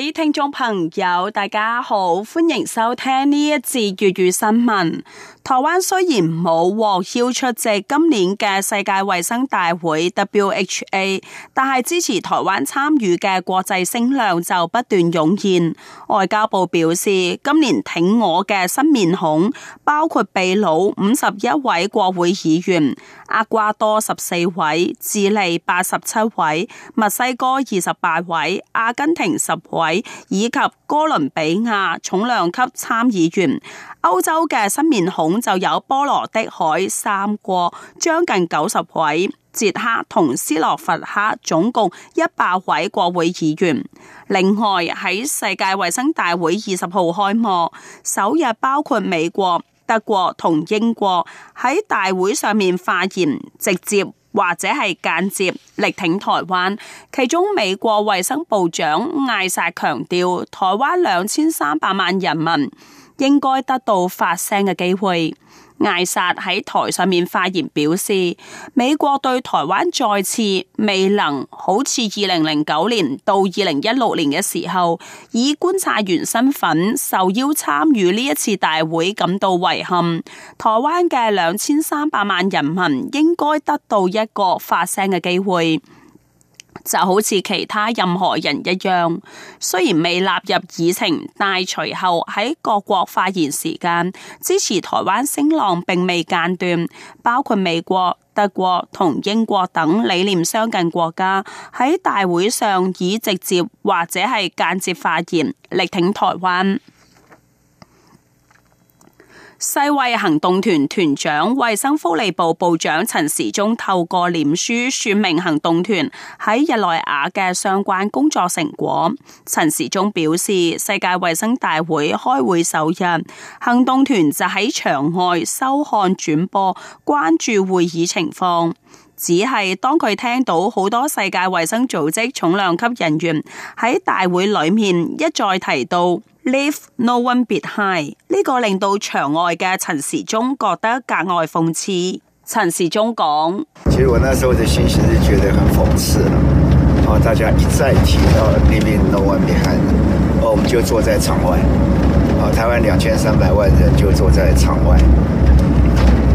各位聽眾朋友，大家好，歡迎收聽呢一節粵語新聞。台灣雖然冇獲邀出席今年嘅世界衛生大會 （WHA），但係支持台灣參與嘅國際聲量就不斷湧現。外交部表示，今年挺我嘅新面孔，包括秘魯五十一位國會議員。厄瓜多十四位，智利八十七位，墨西哥二十八位，阿根廷十位，以及哥倫比亞重量級參議員。歐洲嘅新面孔就有波羅的海三國將近九十位，捷克同斯洛伐克總共一百位國會議員。另外喺世界衛生大會二十號開幕首日，包括美國。德國同英國喺大會上面發言，直接或者係間接力挺台灣。其中，美國衛生部長艾薩強調，台灣兩千三百萬人民應該得到發聲嘅機會。艾薩喺台上面發言表示，美國對台灣再次未能好似二零零九年到二零一六年嘅時候以觀察員身份受邀參與呢一次大會感到遺憾。台灣嘅兩千三百萬人民應該得到一個發聲嘅機會。就好似其他任何人一樣，雖然未納入議程，但隨後喺各國發言時間，支持台灣聲浪並未間斷，包括美國德國同英國等理念相近國家喺大會上以直接或者係間接發言力挺台灣。世衛行動團團長、衛生福利部部長陳時中透過臉書說明行動團喺日內瓦嘅相關工作成果。陳時中表示，世界衛生大會開會首日，行動團就喺場外收看轉播，關注會議情況。只係當佢聽到好多世界衛生組織重量級人員喺大會裏面一再提到。Leave no one behind，呢個令到場外嘅陳時中覺得格外諷刺。陳時中講：其實我那時候嘅心情是覺得很諷刺啦。大家一再提到 leave no one behind，oh, 我們就坐在場外，台灣兩千三百萬人就坐在場外，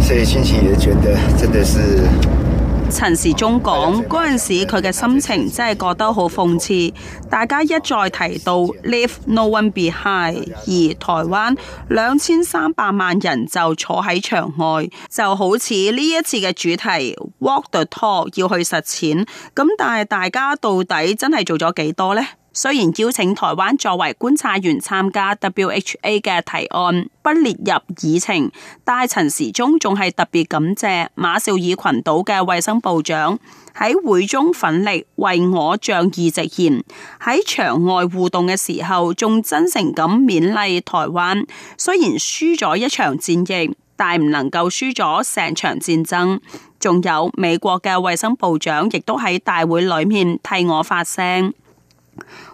所以心情也覺得真的是。陳時中講嗰陣時，佢嘅心情真係覺得好諷刺。大家一再提到 Leave no one behind，而台灣兩千三百萬人就坐喺場外，就好似呢一次嘅主題 Walk the Talk 要去實踐。咁但係大家到底真係做咗幾多呢？雖然邀請台灣作為觀察員參加 WHA 嘅提案不列入議程，但係陳時中仲係特別感謝馬紹爾群島嘅衛生部長喺會中奮力為我仗義直言，喺場外互動嘅時候仲真誠咁勉勵台灣，雖然輸咗一場戰役，但唔能夠輸咗成場戰爭。仲有美國嘅衛生部長亦都喺大會裏面替我發聲。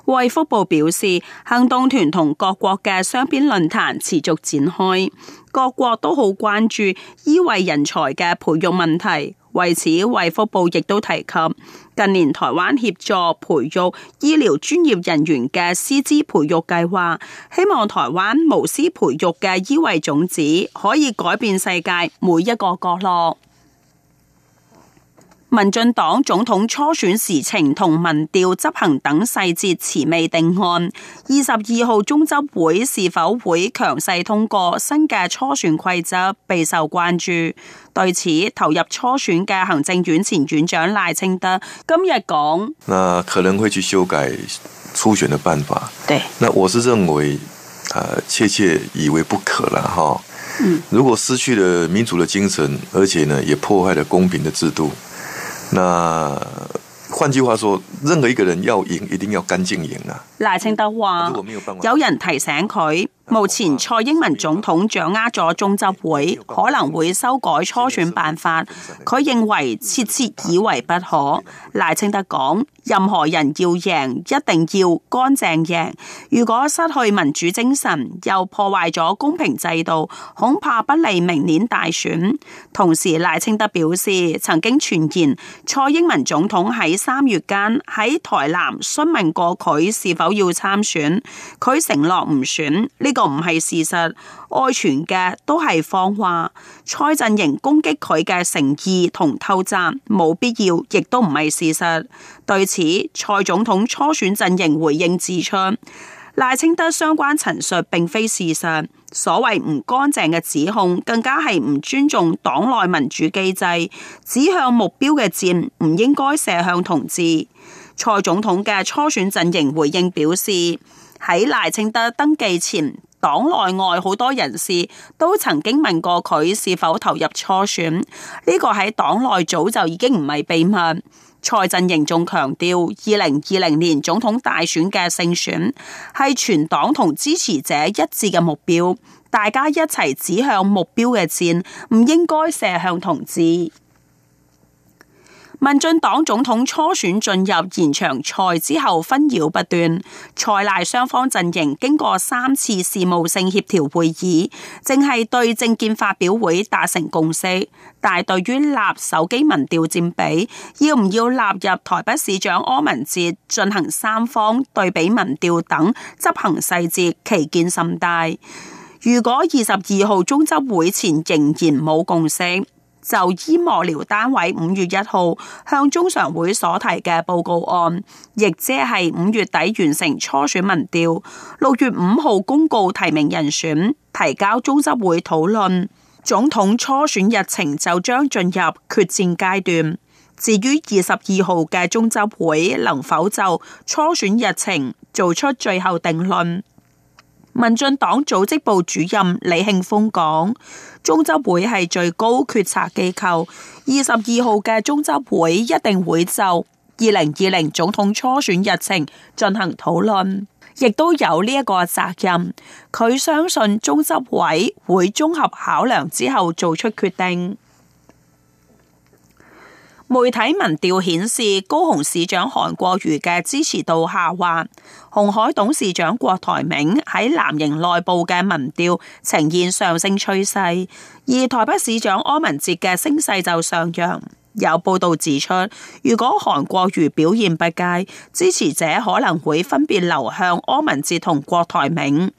衛福部表示，行動團同各國嘅雙邊論壇持續展開，各國都好關注醫衛人才嘅培育問題。為此，衛福部亦都提及近年台灣協助培育醫療專業人員嘅師資培育計劃，希望台灣無私培育嘅醫衛種子可以改變世界每一個角落。民進黨總統初選時程同民調執行等細節遲未定案，二十二號中執會是否會強勢通過新嘅初選規則備受關注。對此，投入初選嘅行政院前院長賴清德今日講：那可能會去修改初選的辦法。對，那我是認為，啊，切切以為不可啦，嗯，如果失去了民主的精神，而且呢，也破壞了公平的制度。那換句話說，任何一個人要贏，一定要乾淨贏啊！賴清德話，有人提醒佢。目前蔡英文總統掌握咗中執會，可能會修改初選辦法。佢認為切切以為不可。賴清德講：任何人要贏，一定要乾淨贏。如果失去民主精神，又破壞咗公平制度，恐怕不利明年大選。同時，賴清德表示，曾經傳言蔡英文總統喺三月間喺台南詢問過佢是否要參選，佢承諾唔選。呢？個唔係事實，外傳嘅都係放話。蔡陣營攻擊佢嘅誠意同偷襲冇必要，亦都唔係事實。對此，蔡總統初選陣營回應指出，賴清德相關陳述並非事實，所謂唔乾淨嘅指控更加係唔尊重黨內民主機制，指向目標嘅箭唔應該射向同志。蔡總統嘅初選陣營回應表示，喺賴清德登記前。黨內外好多人士都曾經問過佢是否投入初選，呢、這個喺黨內早就已經唔係秘密。蔡陣營仲強調，二零二零年總統大選嘅勝選係全黨同支持者一致嘅目標，大家一齊指向目標嘅箭，唔應該射向同志。民進黨總統初選進入延長賽之後紛擾不斷，蔡賴雙方陣營經過三次事務性協調會議，淨係對政見發表會達成共識，但係對於立手機民調佔比，要唔要納入台北市長柯文哲進行三方對比民調等執行細節，歧見甚大。如果二十二號中執會前仍然冇共識。就依幕僚單位五月一號向中常會所提嘅報告案，亦即係五月底完成初選民調，六月五號公告提名人選，提交中執會討論。總統初選日程就將進入決戰階段。至於二十二號嘅中執會能否就初選日程做出最後定論？民進黨組織部主任李慶峰講：中執會係最高決策機構，二十二號嘅中執會一定會就二零二零總統初選日程進行討論，亦都有呢一個責任。佢相信中執委會綜合考量之後做出決定。媒體民調顯示，高雄市長韓國瑜嘅支持度下滑，鴻海董事長郭台銘喺藍營內部嘅民調呈現上升趨勢，而台北市長柯文哲嘅聲勢就上揚。有報道指出，如果韓國瑜表現不佳，支持者可能會分別流向柯文哲同郭台銘。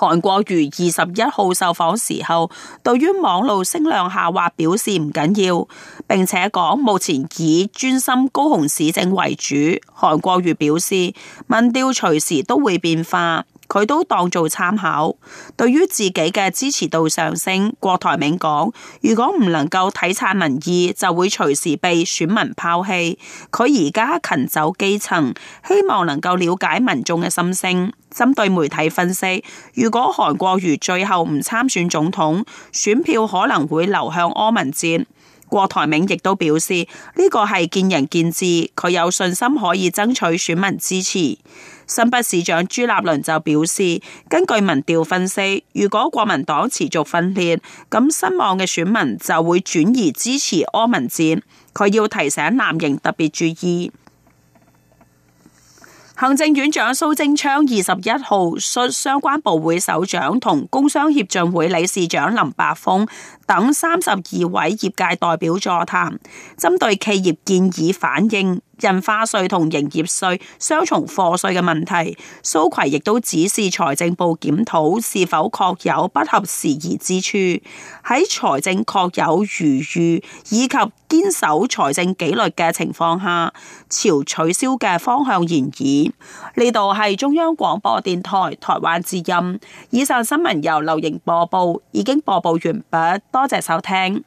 韓國瑜二十一號受訪時候，對於網路聲量下滑表示唔緊要緊，並且講目前以專心高雄市政為主。韓國瑜表示，民調隨時都會變化。佢都當做參考，對於自己嘅支持度上升。郭台銘講：如果唔能夠體察民意，就會隨時被選民拋棄。佢而家勤走基層，希望能夠了解民眾嘅心聲。針對媒體分析，如果韓國瑜最後唔參選總統，選票可能會流向柯文哲。郭台銘亦都表示呢個係見仁見智，佢有信心可以爭取選民支持。新北市長朱立倫就表示，根據民調分析，如果國民黨持續分裂，咁失望嘅選民就會轉移支持柯文哲，佢要提醒藍營特別注意。行政院長蘇貞昌二十一號率相關部會首長同工商協進會理事長林柏峰等三十二位業界代表座談，針對企業建議反映。印花稅同營業稅雙重課稅嘅問題，蘇揆亦都指示財政部檢討是否確有不合時宜之處。喺財政確有餘裕以及堅守財政紀律嘅情況下，朝取消嘅方向研擬。呢度係中央廣播電台台灣之音。以上新聞由劉瑩播報，已經播報完畢，多謝收聽。